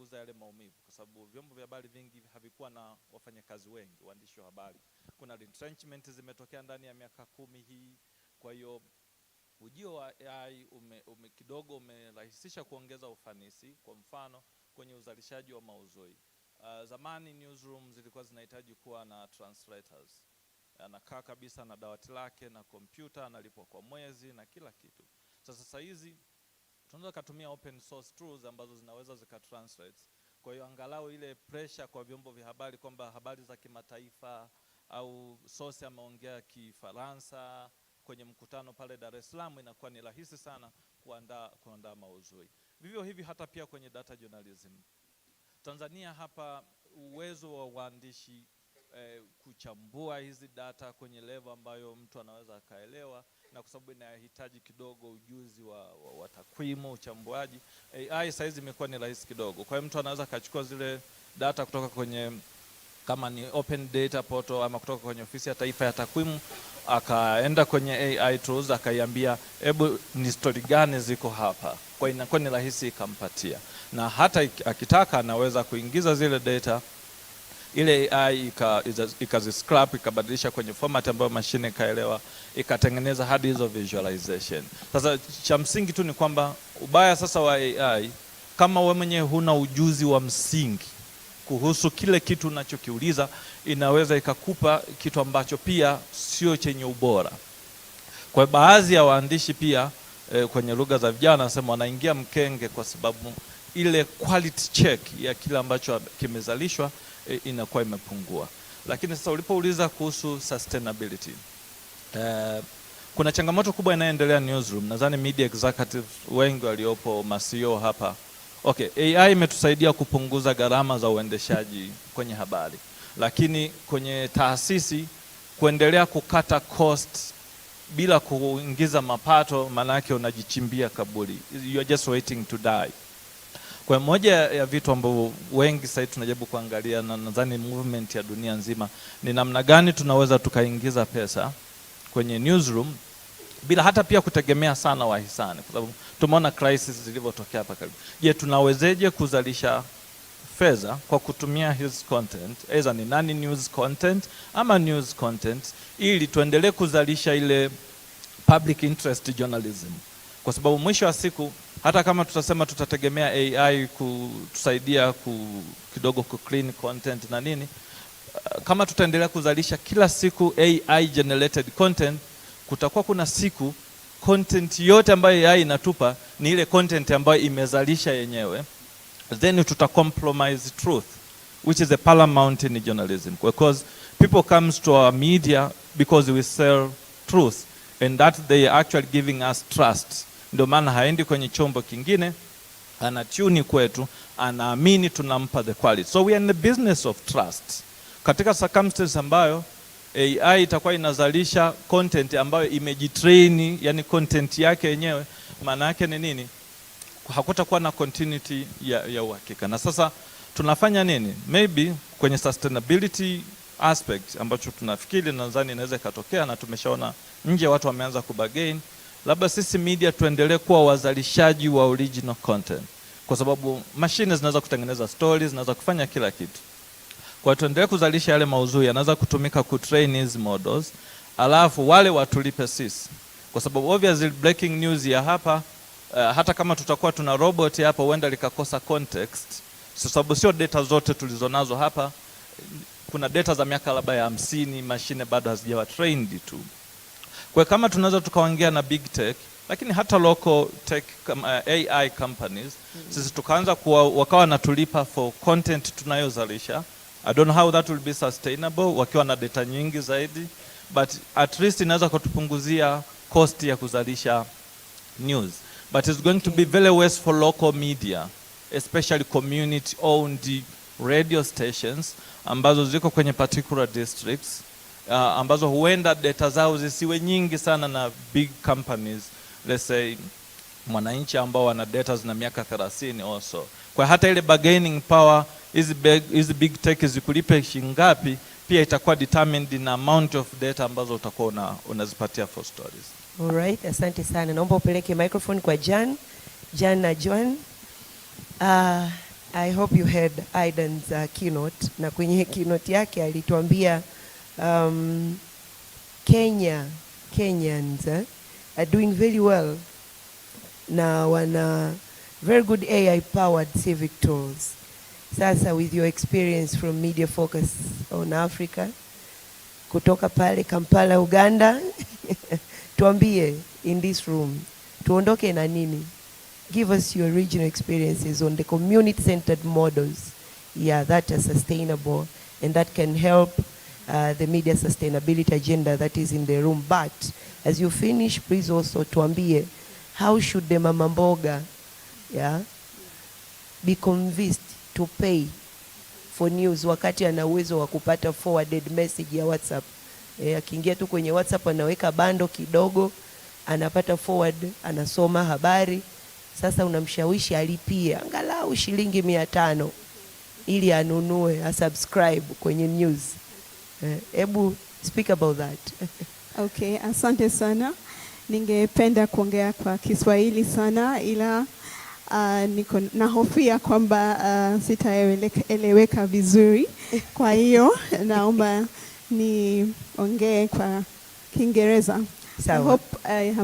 kupunguza yale maumivu, kwa sababu vyombo vya habari vingi havikuwa na wafanyakazi wengi, waandishi wa habari. Kuna retrenchment zimetokea ndani ya miaka kumi hii, kwa hiyo ujio wa AI ume, ume kidogo umerahisisha kuongeza ufanisi, kwa mfano kwenye uzalishaji wa maudhui. Uh, zamani newsroom zilikuwa zinahitaji kuwa na translators, anakaa ah, kabisa na dawati lake na kompyuta, analipwa kwa mwezi na kila kitu. Sasa sasa hizi tunaweza kutumia open source tools ambazo zinaweza zika translate. Kwa hiyo angalau ile pressure kwa vyombo vya habari kwamba habari za kimataifa au source ameongea Kifaransa kwenye mkutano pale Dar es Salaam inakuwa ni rahisi sana kuandaa kuandaa maudhui. Vivyo hivi hata pia kwenye data journalism. Tanzania hapa uwezo wa waandishi eh, kuchambua hizi data kwenye level ambayo mtu anaweza akaelewa, na kwa sababu inahitaji kidogo ujuzi wa, wa, wa takwimu, uchambuaji. AI sahizi imekuwa ni rahisi kidogo, kwa hiyo mtu anaweza akachukua zile data kutoka kwenye kama ni open data portal ama kutoka kwenye ofisi ya taifa ya takwimu akaenda kwenye AI tools akaiambia, hebu ni story gani ziko hapa, kwa inakuwa ni rahisi ikampatia, na hata akitaka anaweza kuingiza zile data ile AI ikaziscrap ikabadilisha kwenye format ambayo mashine ikaelewa ikatengeneza hadi hizo visualization. Sasa cha msingi tu ni kwamba ubaya sasa wa AI, kama wewe mwenyewe huna ujuzi wa msingi kuhusu kile kitu unachokiuliza, inaweza ikakupa kitu ambacho pia sio chenye ubora. Kwa baadhi ya waandishi pia eh, kwenye lugha za vijana wanasema wanaingia mkenge, kwa sababu ile quality check ya kile ambacho kimezalishwa inakuwa imepungua. Lakini sasa ulipouliza kuhusu sustainability uh, kuna changamoto kubwa inayoendelea newsroom. Nadhani media executive wengi waliopo masio hapa okay, AI imetusaidia kupunguza gharama za uendeshaji kwenye habari, lakini kwenye taasisi kuendelea kukata cost bila kuingiza mapato, maana yake unajichimbia kaburi, you are just waiting to die. Kwa moja ya vitu ambavyo wengi sasa tunajaribu kuangalia na nadhani movement ya dunia nzima ni namna gani tunaweza tukaingiza pesa kwenye newsroom bila hata pia kutegemea sana wahisani, kwa sababu tumeona crisis zilivyotokea hapa karibu. Je, tunawezeje kuzalisha fedha kwa kutumia his content aidha ni nani news content ama news content, ili tuendelee kuzalisha ile public interest journalism kwa sababu mwisho wa siku hata kama tutasema tutategemea AI kutusaidia ku, kidogo ku clean content na nini, eh, kama tutaendelea kuzalisha kila siku AI generated content, kutakuwa kuna siku content yote ambayo AI inatupa ni ile content ambayo imezalisha yenyewe, then tuta compromise truth which is a paramount in journalism because people comes to our media because we sell truth and that they are actually giving us trust ndio maana haendi kwenye chombo kingine, ana tuni kwetu, anaamini tunampa the quality. So we are in the business of trust. Katika circumstances ambayo AI itakuwa inazalisha content ambayo imejitrain, yani content yake yenyewe, maana yake ni nini? Hakutakuwa na continuity ya, ya uhakika. Na sasa tunafanya nini? Maybe kwenye sustainability aspect ambacho tunafikiri nadhani inaweza ikatokea, na tumeshaona nje watu wameanza kubagain labda sisi media tuendelee kuwa wazalishaji wa original content, kwa sababu mashine zinaweza kutengeneza stories, zinaweza kufanya kila kitu. Kwa tuendelee kuzalisha yale mauzuri, yanaweza kutumika ku train these models, alafu wale watulipe sisi, kwa sababu obviously breaking news ya hapa uh, hata kama tutakuwa tuna robot hapa, huenda likakosa context, sababu sio data zote tulizonazo hapa. Kuna data za miaka labda ya hamsini, mashine bado hazijawa trained tu. Kwa kama tunaweza tukaongea na big tech lakini hata local tech um, eh, AI companies mm -hmm. Sisi tukaanza kuwa wakawa natulipa for content tunayozalisha. I don't know how that will be sustainable wakiwa na data nyingi zaidi, but at least inaweza kutupunguzia cost ya kuzalisha news, but it's going to be mm. very waste for local media especially community owned radio stations ambazo ziko kwenye particular districts uh, ambazo huenda data zao zisiwe nyingi sana na big companies let's say mwananchi ambao wana data zina miaka 30 also so. Kwa hata ile bargaining power hizi big, big tech zikulipe shingapi pia itakuwa determined na amount of data ambazo utakuwa unazipatia for stories. right, asante sana. Naomba upeleke microphone kwa Jan, Jan na Joan. Uh, I hope you heard Aidan's uh, keynote na kwenye keynote yake alituambia um, Kenya Kenyans eh, are doing very well na wana very good AI powered civic tools. Sasa with your experience from Media Focus on Africa kutoka pale Kampala Uganda tuambie in this room tuondoke na nini? Give us your regional experiences on the community centered models yeah that are sustainable and that can help uh, the media sustainability agenda that is in the room but as you finish please also tuambie how should the mama mboga yeah, be convinced to pay for news wakati ana uwezo wa kupata forwarded message ya WhatsApp e, akiingia tu kwenye WhatsApp anaweka bando kidogo anapata forward anasoma habari sasa unamshawishi alipie angalau shilingi mia tano ili anunue asubscribe kwenye news. Hebu eh, uh, speak about that. Okay, asante sana. Ningependa kuongea kwa Kiswahili sana ila Uh, niko nahofia kwamba uh, sitaeleweka vizuri, kwa hiyo naomba niongee kwa Kiingereza. I hope I